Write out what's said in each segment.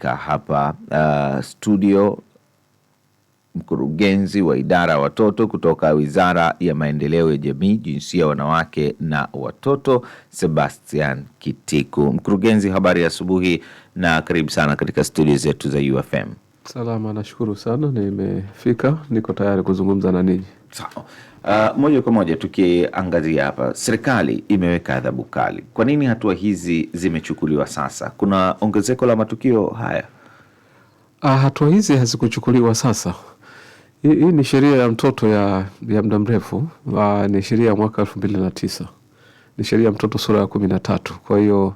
ka hapa uh, studio mkurugenzi wa idara ya watoto kutoka Wizara ya Maendeleo ya Jamii, Jinsia, Wanawake na Watoto, Sebastian Kitiku. Mkurugenzi, habari ya asubuhi na karibu sana katika studio zetu za UFM. Salama, nashukuru sana, nimefika, niko tayari kuzungumza na ninyi. Sawa. Uh, moja kwa moja tukiangazia hapa, serikali imeweka adhabu kali. Kwa nini hatua hizi zimechukuliwa sasa? Kuna ongezeko la matukio haya? Uh, hatua hizi hazikuchukuliwa sasa. Hii ni sheria ya mtoto ya, ya muda mrefu uh, ni sheria ya mwaka elfu mbili na tisa ni sheria ya mtoto sura ya kumi na tatu. Kwa hiyo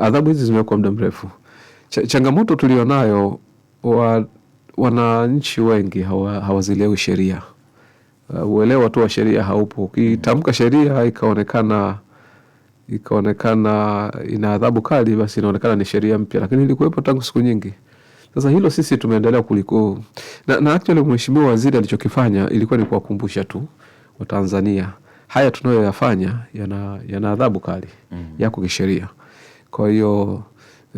adhabu hizi zimewekwa muda mrefu. Ch changamoto tulionayo wa, wananchi wengi hawazielewi hawa sheria uh, uelewa tu wa sheria haupo. Ukitamka sheria ikaonekana ikaonekana ina adhabu kali, basi inaonekana ni sheria mpya, lakini ilikuwepo tangu siku nyingi. Sasa hilo sisi tumeendelea kuliko na, na actually mheshimiwa waziri alichokifanya ilikuwa ni kuwakumbusha tu Watanzania haya tunayoyafanya yana, yana adhabu kali mm -hmm. yako kisheria. Kwa hiyo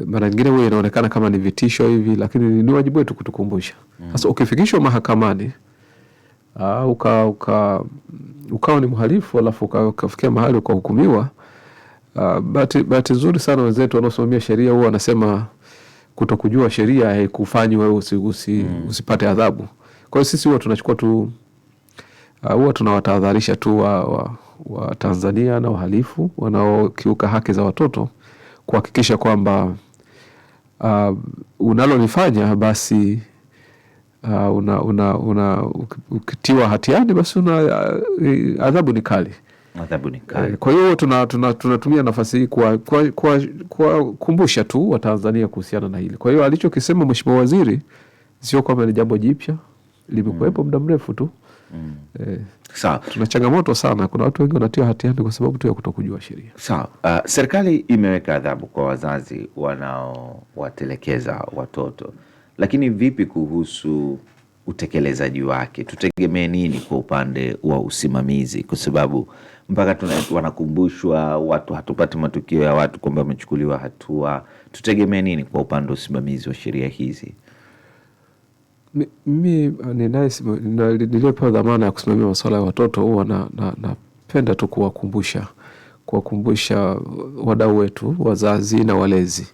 mara nyingine huwa inaonekana kama ni vitisho hivi, lakini ni wajibu wetu kutukumbusha. Sasa mm -hmm. ukifikishwa mahakamani uh, uka, uka, ukawa ni mhalifu alafu ukafikia mahali ukahukumiwa. Uh, bahati nzuri sana wenzetu wanaosimamia sheria huwa wanasema kuto kujua sheria haikufanyi wewe usi, usi, mm. usipate adhabu. Kwa hiyo sisi huwa tunachukua tu ah, huwa uh, tunawatahadharisha tu wa, wa, wa Tanzania na wahalifu wanaokiuka haki za watoto kuhakikisha kwamba uh, unalolifanya basi uh, una, una, una ukitiwa hatiani basi una uh, adhabu ni kali. Eh, kwa hiyo tuna, tuna, tunatumia nafasi hii kuwakumbusha tu Watanzania kuhusiana na hili. Kwa hiyo alichokisema mweshimua Waziri sio kwamba ni jambo jipya, limekuwepo mm. muda mrefu tu. Mm. e, Tuna changamoto sana, kuna watu wengi wanatiwa hatiani kwa sababu tu ya kutokujua sheria. Uh, serikali imeweka adhabu kwa wazazi wanaowatelekeza watoto lakini vipi kuhusu utekelezaji wake? Tutegemee nini kwa upande wa usimamizi? Kwa sababu mpaka wanakumbushwa watu, hatupati matukio ya watu kwamba wamechukuliwa hatua. Tutegemee nini kwa upande wa usimamizi wa sheria hizi? Mimi niliyopewa dhamana ya kusimamia masuala ya watoto, huwa napenda na, tu kuwakumbusha kuwakumbusha wadau wetu, wazazi na walezi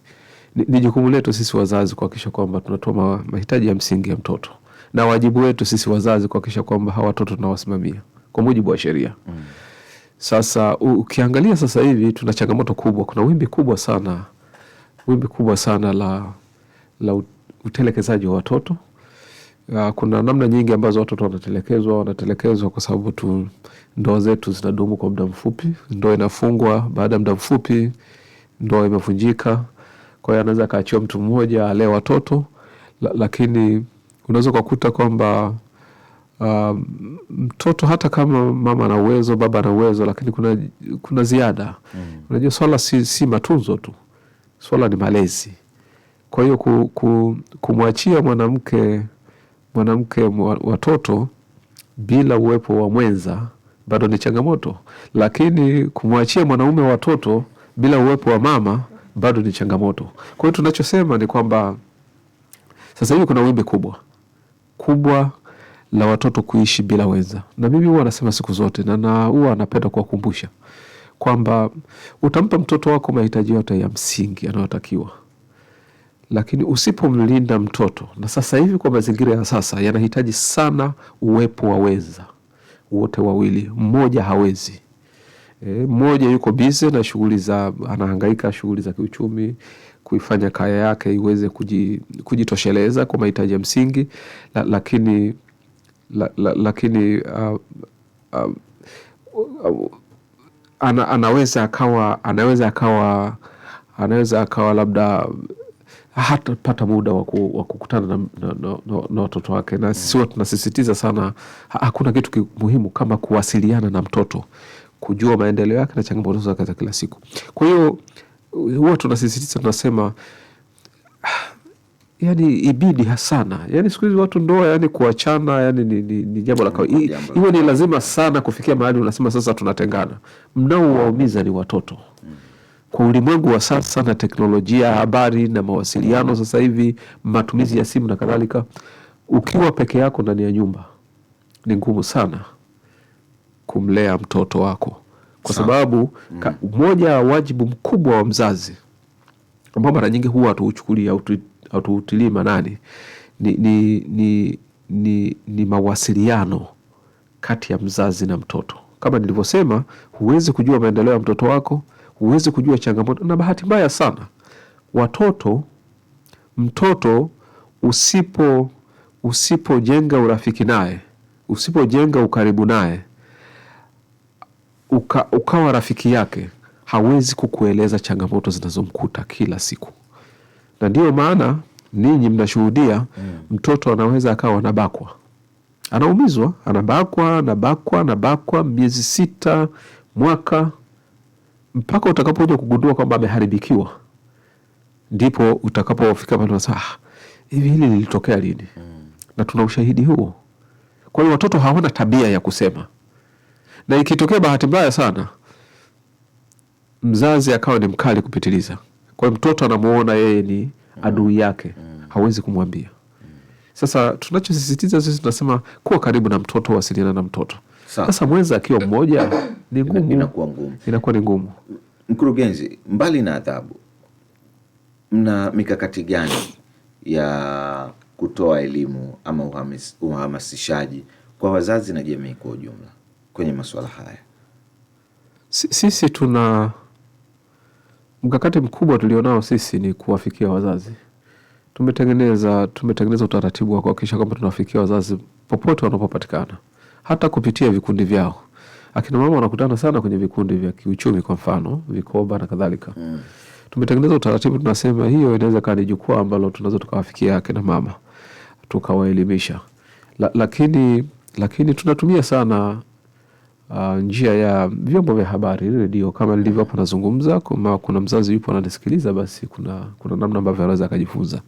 ni, ni jukumu letu sisi wazazi kuhakikisha kwamba tunatoa mahitaji ya msingi ya mtoto na wajibu wetu sisi wazazi kuhakikisha kwamba hawa watoto tunawasimamia kwa mujibu wa sheria mm. Sasa ukiangalia sasa hivi tuna changamoto kubwa, kuna wimbi kubwa sana, wimbi kubwa sana la, la utelekezaji wa watoto. Ah, kuna namna nyingi ambazo watoto wanatelekezwa, wanatelekezwa kwa sababu tu ndoa zetu zinadumu kwa muda mfupi. Ndoa inafungwa, baada ya muda mfupi ndoa imevunjika kwa hiyo anaweza akaachiwa mtu mmoja alee watoto la, lakini unaweza ukakuta kwamba uh, mtoto hata kama mama ana uwezo baba ana uwezo, lakini kuna, kuna ziada mm. Unajua swala si, si matunzo tu, swala ni malezi. Kwa hiyo ku, ku, kumwachia mwanamke mwanamke watoto bila uwepo wa mwenza bado ni changamoto, lakini kumwachia mwanaume watoto bila uwepo wa mama bado ni changamoto. Kwa hiyo tunachosema ni kwamba sasa hivi kuna wimbi kubwa kubwa la watoto kuishi bila wenza, na mimi huwa anasema siku zote, na na huwa anapenda kuwakumbusha kwamba utampa mtoto wako mahitaji yote ya msingi anayotakiwa, lakini usipomlinda mtoto, na sasa hivi kwa mazingira ya sasa yanahitaji sana uwepo wa wenza wote wawili, mmoja hawezi Eh, mmoja e, yuko bize na shughuli za anahangaika shughuli za kiuchumi kuifanya kaya yake iweze kujitosheleza kwa mahitaji ya msingi la, lakini la, la, lakini uh, uh, uh, ana, anaweza akawa anaweza akawa anaweza akawa labda hatapata muda wa kukutana na, na, na, na watoto wake, na sisi huwa tunasisitiza sana, hakuna kitu muhimu kama kuwasiliana na mtoto kujua maendeleo yake na changamoto zake za kila siku. Kwa hiyo huwa tunasisitiza tunasema, ah, yani ibidi hasana, yani siku hizi watu ndoa, yani kuachana, yani ni, ni, ni jambo la kawaida, hiyo ni lazima sana kufikia mahali unasema sasa tunatengana. Mnaowaumiza ni watoto kwa ulimwengu wa sasa na teknolojia, habari na mawasiliano, sasa hivi matumizi ya simu na kadhalika, ukiwa peke yako ndani ya nyumba ni ngumu sana kumlea mtoto wako, kwa sababu mm. moja wa wajibu mkubwa wa mzazi ambao mara nyingi huwa hatuuchukulii hatuutilii maanani ni, ni, ni, ni, ni mawasiliano kati ya mzazi na mtoto. Kama nilivyosema, huwezi kujua maendeleo ya mtoto wako, huwezi kujua changamoto, na bahati mbaya sana watoto, mtoto usipo usipojenga urafiki naye, usipojenga ukaribu naye uka, ukawa rafiki yake hawezi kukueleza changamoto zinazomkuta kila siku, na ndiyo maana ninyi mnashuhudia mm. Mtoto anaweza akawa anabakwa, anaumizwa, anabakwa, anabakwa, anabakwa miezi sita, mwaka, mpaka utakapoja kugundua kwamba ameharibikiwa, ndipo utakapofika pale unasema ah, hivi, hili lilitokea lini? mm. na tuna ushahidi huo. Kwa hiyo watoto hawana tabia ya kusema na ikitokea bahati mbaya sana mzazi akawa ni mkali kupitiliza, kwa hiyo mtoto anamuona yeye ni adui yake, hawezi kumwambia. Sasa tunachosisitiza sisi tunasema kuwa karibu na mtoto, wasiliana na mtoto. Sasa mwenza akiwa mmoja ni ngumu, inakuwa ngumu, inakuwa ni ngumu. Mkurugenzi, mbali na adhabu, mna mikakati gani ya kutoa elimu ama uhamasishaji kwa wazazi na jamii kwa ujumla? kwenye masuala haya? Sisi tuna mkakati mkubwa tulionao sisi ni kuwafikia wazazi. Tumetengeneza tumetengeneza utaratibu wa kuhakikisha kwamba tunawafikia wazazi popote wanapopatikana, hata kupitia vikundi vyao. Akina mama wanakutana sana kwenye vikundi vya kiuchumi, kwa mfano vikoba na kadhalika mm. Tumetengeneza utaratibu, tunasema hiyo inaweza kaa ni jukwaa ambalo tunaweza tukawafikia akina mama tukawaelimisha la, lakini, lakini tunatumia sana uh, njia ya vyombo vya habari, redio kama nilivyo hapo nazungumza. Kama kuna mzazi yupo ananisikiliza, basi kuna, kuna namna ambavyo anaweza akajifunza.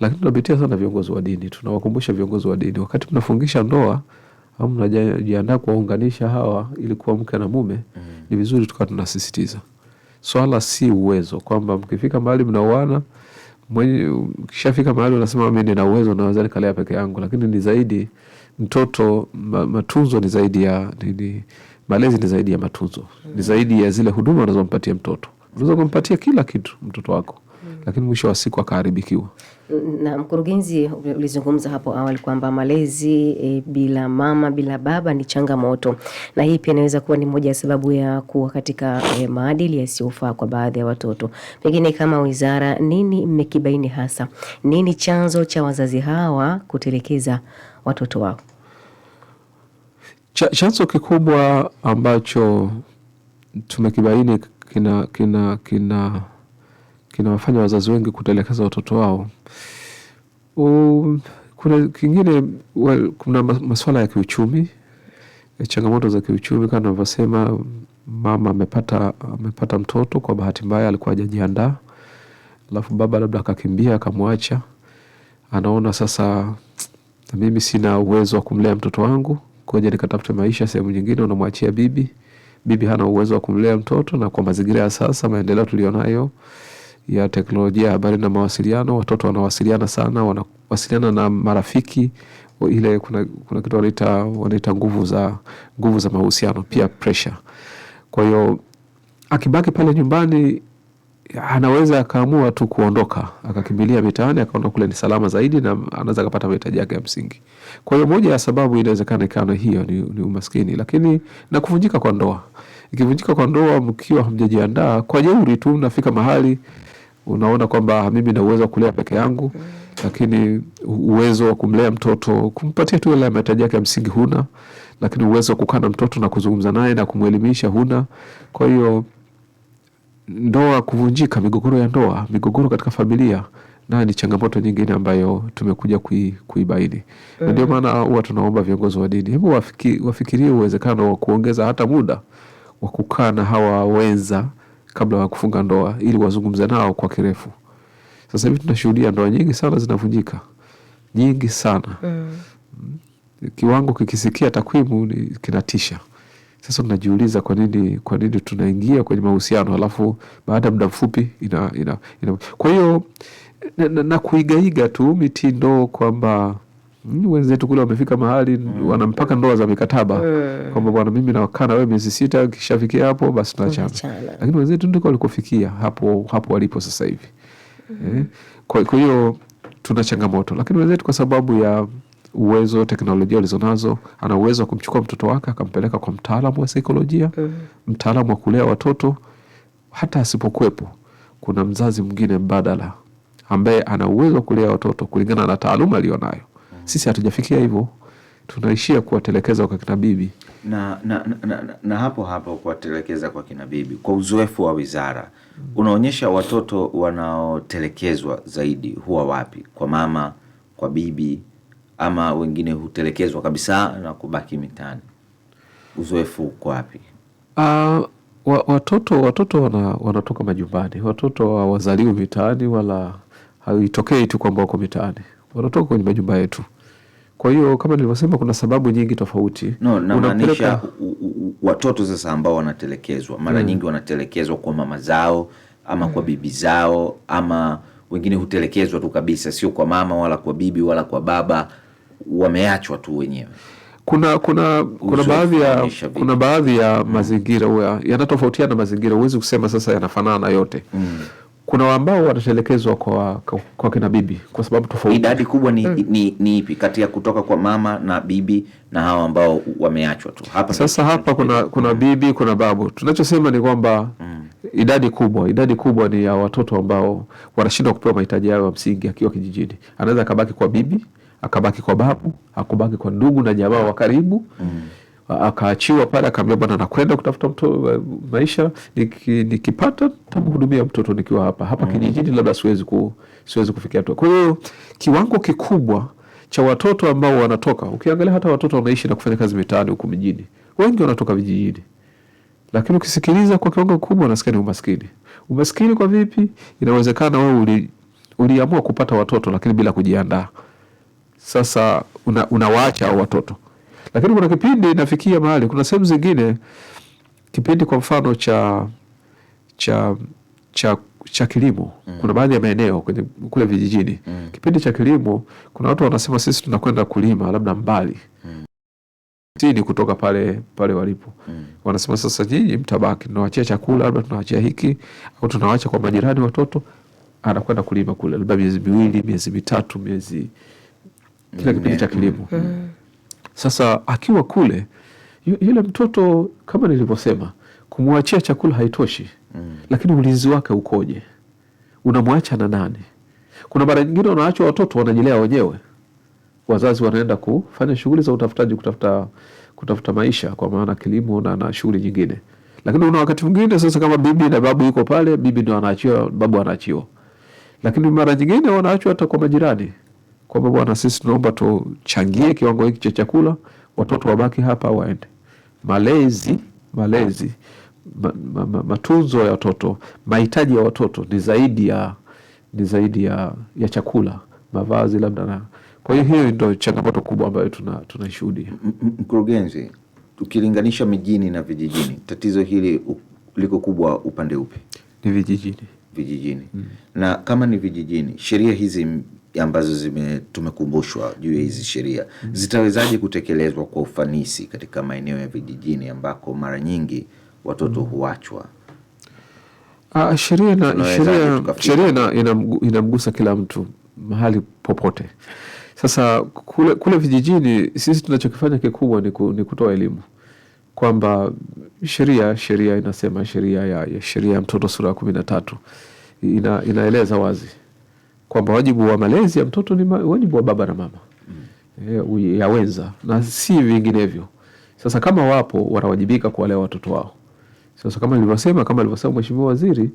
Lakini tunapitia sana viongozi wa dini, tunawakumbusha viongozi wa dini wakati mnafungisha ndoa au mnajiandaa kuwaunganisha hawa ili kuwa mke na mume mm. Ni vizuri tukawa tunasisitiza swala si uwezo, kwamba mkifika mahali mnauana mwenye, kishafika mahali unasema mi nina uwezo naweza nikalea peke yangu, lakini ni zaidi mtoto ma, matunzo ni zaidi ya ni, malezi ni zaidi ya matunzo mm. ni zaidi ya zile huduma unazompatia mtoto. Unaweza kumpatia kila kitu mtoto wako mm. lakini mwisho wa siku akaharibikiwa. Na mkurugenzi, ulizungumza hapo awali kwamba malezi e, bila mama bila baba ni changamoto, na hii pia inaweza kuwa ni moja ya sababu ya kuwa katika e, maadili yasiyofaa kwa baadhi ya watoto. Pengine kama wizara, nini mmekibaini hasa, nini chanzo cha wazazi hawa kutelekeza watoto wao. Ch chanzo kikubwa ambacho tumekibaini kina kina kina kinawafanya wazazi wengi kutelekeza watoto wao. kuna kingine well, kuna masuala ya kiuchumi, e, changamoto za kiuchumi kama navyosema, mama amepata amepata mtoto kwa bahati mbaya, alikuwa hajajiandaa, alafu baba labda akakimbia akamwacha, anaona sasa na mimi sina uwezo wa kumlea mtoto wangu, ngoja nikatafute maisha sehemu nyingine. Unamwachia bibi, bibi hana uwezo wa kumlea mtoto, na kwa mazingira ya sasa, maendeleo tulionayo ya teknolojia habari na mawasiliano, watoto wanawasiliana sana, wanawasiliana na marafiki ile kuna, kuna kitu wanaita wanaita nguvu za nguvu za mahusiano, pia pressure. Kwa hiyo akibaki pale nyumbani anaweza akaamua tu kuondoka akakimbilia mitaani akaona kule ni salama zaidi, na anaweza akapata mahitaji yake ya msingi. Kwa hiyo moja ya sababu inawezekana ikawa hiyo ni, ni umaskini, lakini na kuvunjika kwa ndoa. Ikivunjika kwa ndoa mkiwa hamjajiandaa, kwa jeuri tu nafika mahali unaona kwamba mimi na uwezo wa kulea peke yangu, lakini uwezo wa kumlea mtoto kumpatia tu yale mahitaji yake ya msingi huna, lakini uwezo wa kukaa na mtoto na kuzungumza naye na kumwelimisha huna, kwa hiyo ndoa kuvunjika, migogoro ya ndoa, migogoro katika familia na ni changamoto nyingine ambayo tumekuja kui, kuibaini mm. ndio eh. maana huwa tunaomba viongozi wa dini, hebu wafiki, wafikirie uwezekano wa kuongeza hata muda wa kukaa na hawa wenza kabla ya kufunga ndoa ili wazungumze nao kwa kirefu. Sasa hivi tunashuhudia ndoa nyingi sana zinavunjika, nyingi sana mm. kiwango kikisikia takwimu kinatisha. Sasa unajiuliza kwa nini, kwa nini tunaingia kwenye mahusiano alafu baada ya muda mfupi ina, ina, ina. Kwa hiyo na, na, na kuigaiga tu mitindo kwamba mm, wenzetu kule wamefika mahali mm. wana mpaka ndoa za mikataba mm. kwamba bwana, mimi nakaa na wewe miezi sita, kishafikia hapo basi tunachana. Lakini wenzetu ndiko walikofikia hapo, hapo walipo sasa hivi mm. eh? kwa hiyo tuna changamoto, lakini wenzetu kwa sababu ya uwezo, teknolojia walizonazo. Ana uwezo wa kumchukua mtoto wake akampeleka kwa mtaalamu wa saikolojia, eh. mtaalamu wa kulea watoto. Hata asipokuwepo, kuna mzazi mwingine mbadala ambaye ana uwezo wa kulea watoto kulingana na taaluma aliyonayo. Sisi hatujafikia hivyo, tunaishia kuwatelekeza kwa kinabibi na, na, na, na, na hapo hapo kuwatelekeza kwa kinabibi. Kwa uzoefu wa wizara unaonyesha watoto wanaotelekezwa zaidi huwa wapi? Kwa mama, kwa bibi ama wengine hutelekezwa kabisa na kubaki mitaani. Uzoefu uko wapi? Uh, watoto watoto wana, wanatoka majumbani. Watoto hawazaliwi mitaani, wala haitokei tu kwamba wako mitaani, wanatoka kwenye majumba yetu. Kwa hiyo kama nilivyosema, kuna sababu nyingi tofauti. No, namaanisha watoto sasa ambao wanatelekezwa mara mm, nyingi wanatelekezwa kwa mama zao ama mm, kwa hmm. bibi zao ama wengine hutelekezwa tu kabisa, sio kwa mama wala kwa bibi wala kwa baba wameachwa tu wenyewe. Kuna kuna kuna baadhi ya kuna baadhi ya mm. mazingira mm. yanatofautiana, mazingira huwezi kusema sasa yanafanana yote mm. Kuna ambao wanatelekezwa kwa, kwa, kwa kina bibi kwa sababu tofauti. Idadi kubwa ni, hmm. ni, ni ipi kati ya kutoka kwa mama na bibi na hawa ambao wameachwa tu hapa? Sasa hapa kuna, kuna mm. bibi kuna babu. Tunachosema ni kwamba hmm. idadi kubwa idadi kubwa ni ya watoto ambao wanashindwa kupewa mahitaji yao ya msingi akiwa kijijini, anaweza akabaki kwa bibi akabaki kwa babu, akubaki kwa ndugu na jamaa wa karibu mm. Akaachiwa pale, akaambia bwana, nakwenda kutafuta mto, eh, maisha nikipata niki tamhudumia mtoto nikiwa hapa hapa mm. kijijini, labda siwezi ku, siwezi kufikia tu. Kwa hiyo kiwango kikubwa cha watoto ambao wanatoka, ukiangalia hata watoto wanaishi na kufanya kazi mitaani huku mjini, wengi wanatoka vijijini, lakini ukisikiliza kwa kiwango kikubwa unasikia ni umaskini. Umaskini kwa vipi? Inawezekana wewe uliamua uli kupata watoto lakini bila kujiandaa sasa una, unawaacha au watoto. Lakini kuna kipindi nafikia mahali, kuna sehemu zingine kipindi kwa mfano cha cha cha cha kilimo mm. Kuna baadhi ya maeneo kule vijijini mm. Kipindi cha kilimo kuna watu wanasema sisi tunakwenda kulima labda mbali mm. Tini kutoka pale pale walipo mm. Wanasema sasa nyinyi mtabaki, tunawachia chakula labda tunawachia hiki au tunawacha kwa majirani, watoto anakwenda kulima kule labda miezi miwili, miezi mitatu, miezi kila kipindi cha kilimo. Mm-hmm. Sasa akiwa kule yule mtoto kama nilivyosema, kumwachia chakula haitoshi mm. Lakini ulinzi wake ukoje? Unamwacha na nani? Kuna mara nyingine wanaachwa watoto wanajilea wenyewe, wazazi wanaenda kufanya shughuli za utafutaji, kutafuta kutafuta maisha, kwa maana kilimo na, na shughuli nyingine. Lakini una wakati mwingine sasa, kama bibi na babu yuko pale, bibi ndo anaachiwa, babu anaachiwa, lakini mara nyingine wanaachwa hata kwa majirani kwamba bwana, sisi tunaomba tuchangie kiwango hiki cha chakula, watoto wabaki hapa waende. Malezi, malezi ma, ma, ma, matunzo ya watoto, mahitaji ya watoto ni zaidi ya ni zaidi ya, ya chakula, mavazi labda na kwa hiyo hiyo ndio changamoto kubwa ambayo tunaishuhudia. Tuna mkurugenzi, tukilinganisha mijini na vijijini, tatizo hili liko kubwa upande upi? Ni vijijini. Vijijini. Mm. Na kama ni vijijini, sheria hizi ambazo tumekumbushwa juu ya hizi sheria zitawezaje kutekelezwa kwa ufanisi katika maeneo ya vijijini ambako mara nyingi watoto mm. huachwa? Ah, sheria inamgusa kila mtu mahali popote. Sasa kule, kule vijijini sisi tunachokifanya kikubwa ni, ku, ni kutoa elimu kwamba sheria sheria inasema sheria ya, ya sheria ya mtoto sura ya kumi na tatu ina, inaeleza wazi kwamba wajibu wa malezi ya mtoto ni wajibu wa baba na mama mm. E, yaweza na si vinginevyo. Sasa kama wapo wanawajibika kuwalea watoto wao. Sasa kama nilivyosema, kama alivyosema Mheshimiwa Waziri,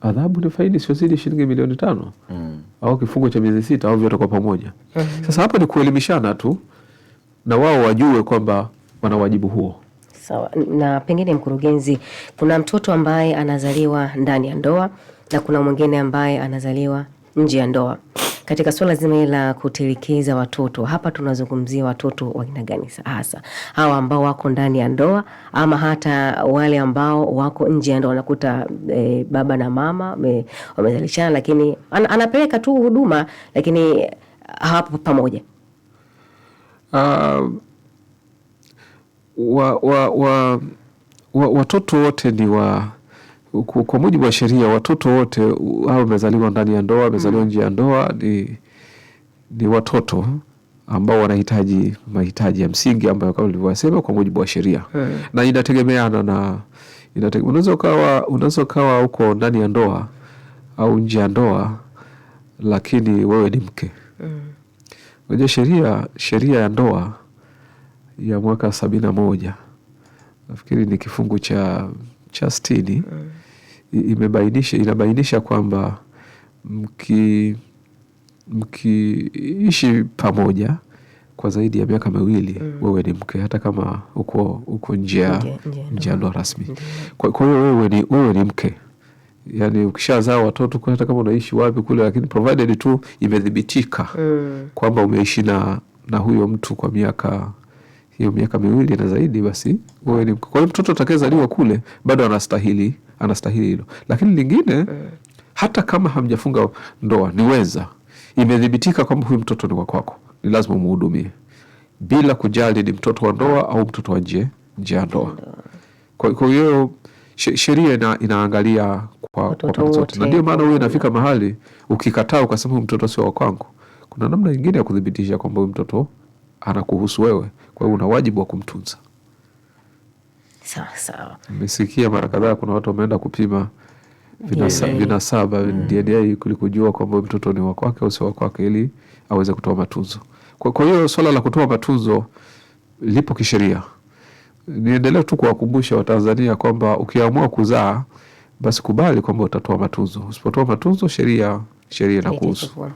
adhabu ni faini isiyozidi shilingi milioni tano mm. au kifungo cha miezi sita au vyote kwa pamoja. mm. Sasa hapa ni kuelimishana tu na wao wajue kwamba wana wajibu huo. Sawa. Na pengine mkurugenzi, kuna mtoto ambaye anazaliwa ndani ya ndoa na kuna mwingine ambaye anazaliwa nje ya ndoa. Katika suala zima hili la kutelekeza watoto, hapa tunazungumzia watoto wa aina gani hasa? Hawa ambao wako ndani ya ndoa ama hata wale ambao wako nje ya ndoa, wanakuta e, baba na mama wamezalishana, lakini an, anapeleka tu huduma lakini hawapo pamoja. Uh, wa, wa, wa, wa, watoto wote ni wa kwa mujibu wa sheria watoto wote au wamezaliwa ndani ya ndoa, wamezaliwa mm. nje ya ndoa ni, ni watoto ambao wanahitaji mahitaji ya msingi ambayo kama ulivyosema kwa mujibu wa sheria eh. Na inategemeana na unaweza ukawa unaweza ukawa ndani ya ndoa au nje ya ndoa, lakini wewe ni mke eh. unajua mm. Sheria sheria ya ndoa ya mwaka sabini na moja nafikiri ni kifungu cha cha sitini mm. imebainisha inabainisha kwamba mkiishi mki pamoja kwa zaidi ya miaka miwili mm. wewe ni mke hata kama uko, uko nje ya nje ndoa rasmi mm. kwa, kwa hiyo wewe ni, wewe ni mke yani ukishazaa watoto hata kama unaishi wapi kule, lakini provided tu imethibitika mm. kwamba umeishi na, na huyo mtu kwa miaka hiyo miaka miwili na zaidi, basi wewe ni kwa mtoto atakayezaliwa kule bado anastahili anastahili hilo. Lakini lingine, eh. hata kama hamjafunga ndoa, niweza imedhibitika kwamba huyu mtoto ni wa kwako, ni lazima umhudumie bila kujali ni mtoto wa ndoa au mtoto wa nje nje ya ndoa. Kwa hiyo sheria ina, inaangalia kwa pande zote, na ndio maana huyo inafika mahali ukikataa ukasema huyu mtoto sio wa kwangu, kuna namna nyingine ya kuthibitisha kwamba huyu mtoto anakuhusu wewe. Kwa hiyo una wajibu wa kumtunza. Sawa sawa. Nimesikia mara kadhaa kuna watu wameenda kupima vinasaba mm. DNA kulikujua kwamba mtoto ni wakwake au si wakwake ili aweze kutoa matunzo. Kwa hiyo swala la kutoa matunzo lipo kisheria. Niendelee tu kuwakumbusha Watanzania kwamba ukiamua kuzaa basi kubali kwamba utatoa matunzo. Usipotoa matunzo, sheria sheria inakuhusu.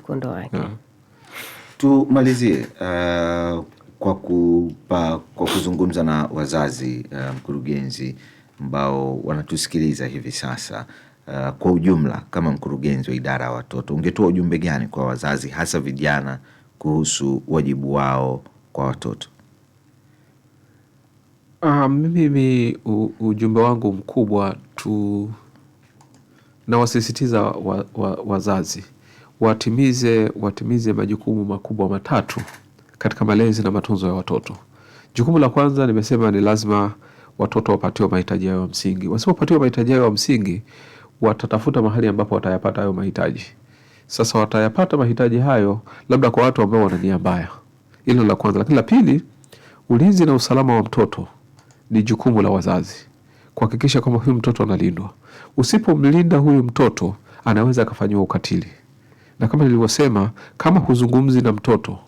Tumalizie uh, kwa, kupa, kwa kuzungumza na wazazi uh, mkurugenzi ambao wanatusikiliza hivi sasa uh, kwa ujumla kama mkurugenzi wa idara ya watoto ungetoa ujumbe gani kwa wazazi hasa vijana kuhusu wajibu wao kwa watoto? Uh, mimi ujumbe wangu mkubwa tu nawasisitiza wa, wa, wazazi watimize watimize majukumu makubwa matatu katika malezi na matunzo ya watoto. Jukumu la kwanza nimesema ni lazima watoto wapatiwe mahitaji yao ya msingi. Wasipopatiwa mahitaji yao ya msingi, watatafuta mahali ambapo watayapata hayo mahitaji. Sasa watayapata mahitaji hayo labda kwa watu ambao wana nia mbaya. Hilo la kwanza, lakini la pili, ulinzi na usalama wa mtoto ni jukumu la wazazi kuhakikisha kwamba huyu mtoto analindwa. Usipomlinda huyu mtoto, anaweza akafanyiwa ukatili, na kama nilivyosema, kama huzungumzi na mtoto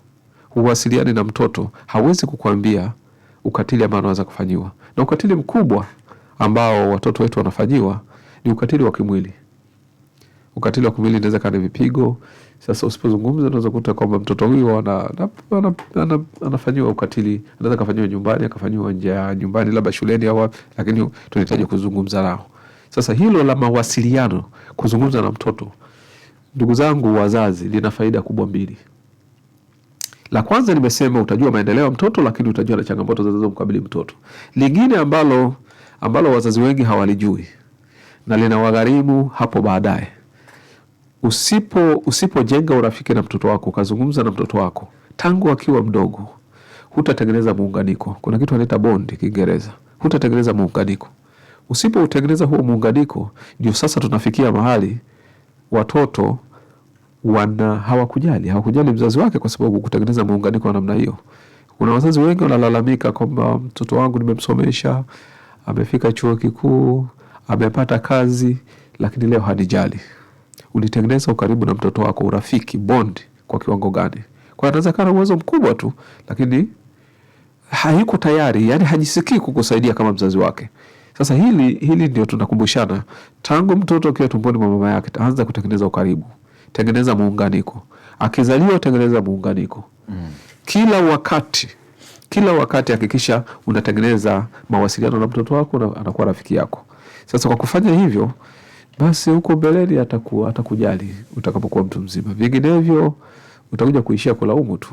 uwasiliani na mtoto, hawezi kukuambia ukatili ambao anaweza kufanyiwa. Na ukatili mkubwa ambao watoto wetu wanafanyiwa ni ukatili wa kimwili. Ukatili wa kimwili inaweza kaa ni vipigo. Sasa usipozungumza, unaweza kuta kwamba mtoto huyo anafanyiwa ukatili, anaweza akafanyiwa nyumbani, akafanyiwa nje ya nyumbani, labda shuleni au lakini tunahitaji kuzungumza nao. Sasa hilo la mawasiliano, kuzungumza na mtoto, ndugu zangu wazazi, lina faida kubwa mbili. La kwanza nimesema utajua maendeleo ya mtoto, lakini utajua na changamoto zinazomkabili mtoto. Lingine ambalo ambalo wazazi wengi hawalijui na linawagharimu hapo baadaye, usipo usipojenga urafiki na mtoto wako, ukazungumza na mtoto wako tangu akiwa mdogo, hutatengeneza muunganiko. Kuna kitu anaita bond Kiingereza, hutatengeneza muunganiko. Usipoutengeneza huo muunganiko, ndio sasa tunafikia mahali watoto wana hawakujali, hawakujali mzazi wake kwa sababu kutengeneza muunganiko wa namna hiyo. Kuna wazazi wengi wanalalamika kwamba mtoto wangu nimemsomesha, amefika chuo kikuu, amepata kazi, lakini leo hanijali. Ulitengeneza ukaribu na mtoto wako, urafiki, bond kwa kiwango gani? Kwa anaweza uwezo mkubwa tu, lakini hayuko tayari, yani hajisikii kukusaidia kama mzazi wake. Sasa hili hili ndio tunakumbushana, tangu mtoto akiwa tumboni mwa mama yake, anza kutengeneza ukaribu tengeneza muunganiko, akizaliwa tengeneza muunganiko mm. Kila wakati kila wakati hakikisha unatengeneza mawasiliano na mtoto wako na anakuwa rafiki yako. Sasa kwa kufanya hivyo, basi huko mbeleni ataku, atakujali utakapokuwa mtu mzima, vinginevyo utakuja kuishia kulaumu tu.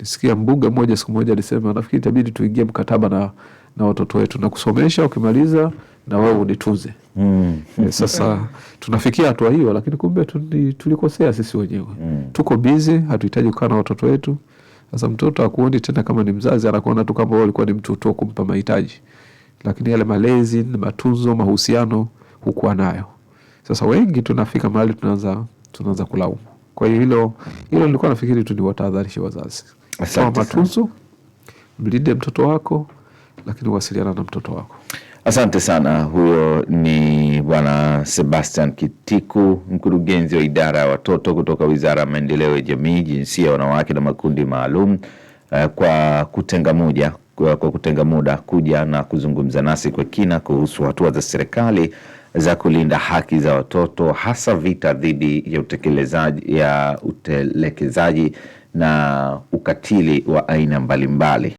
Nisikia mbunge mmoja siku moja alisema, nafikiri itabidi tuingie mkataba na, na watoto wetu na kusomesha, ukimaliza na wewe unitunze. mm. Eh, sasa tunafikia hatua hiyo, lakini kumbe tulikosea sisi wenyewe. mm. Tuko bizi, hatuhitaji kukaa na watoto wetu. Sasa mtoto akuoni tena kama ni mzazi, anakuona tu kama ulikuwa ni mtu tu kumpa mahitaji, lakini yale malezi, matunzo, mahusiano hukuwa nayo. Sasa wengi tunafika mahali tunaanza tunaanza kulaumu. Kwa hiyo hilo hilo nilikuwa nafikiri tu ni watahadharishe wazazi, kama matunzo, mlinde mtoto wako, lakini wasiliana na mtoto wako. Asante sana. Huyo ni Bwana Sebastian Kitiku, mkurugenzi wa idara ya watoto kutoka Wizara ya Maendeleo ya Jamii, Jinsia, ya Wanawake na Makundi Maalum, eh, kwa kutenga muda kwa kutenga muda kuja na kuzungumza nasi kwa kina kuhusu hatua za serikali za kulinda haki za watoto hasa vita dhidi ya utekelezaji ya utelekezaji na ukatili wa aina mbalimbali.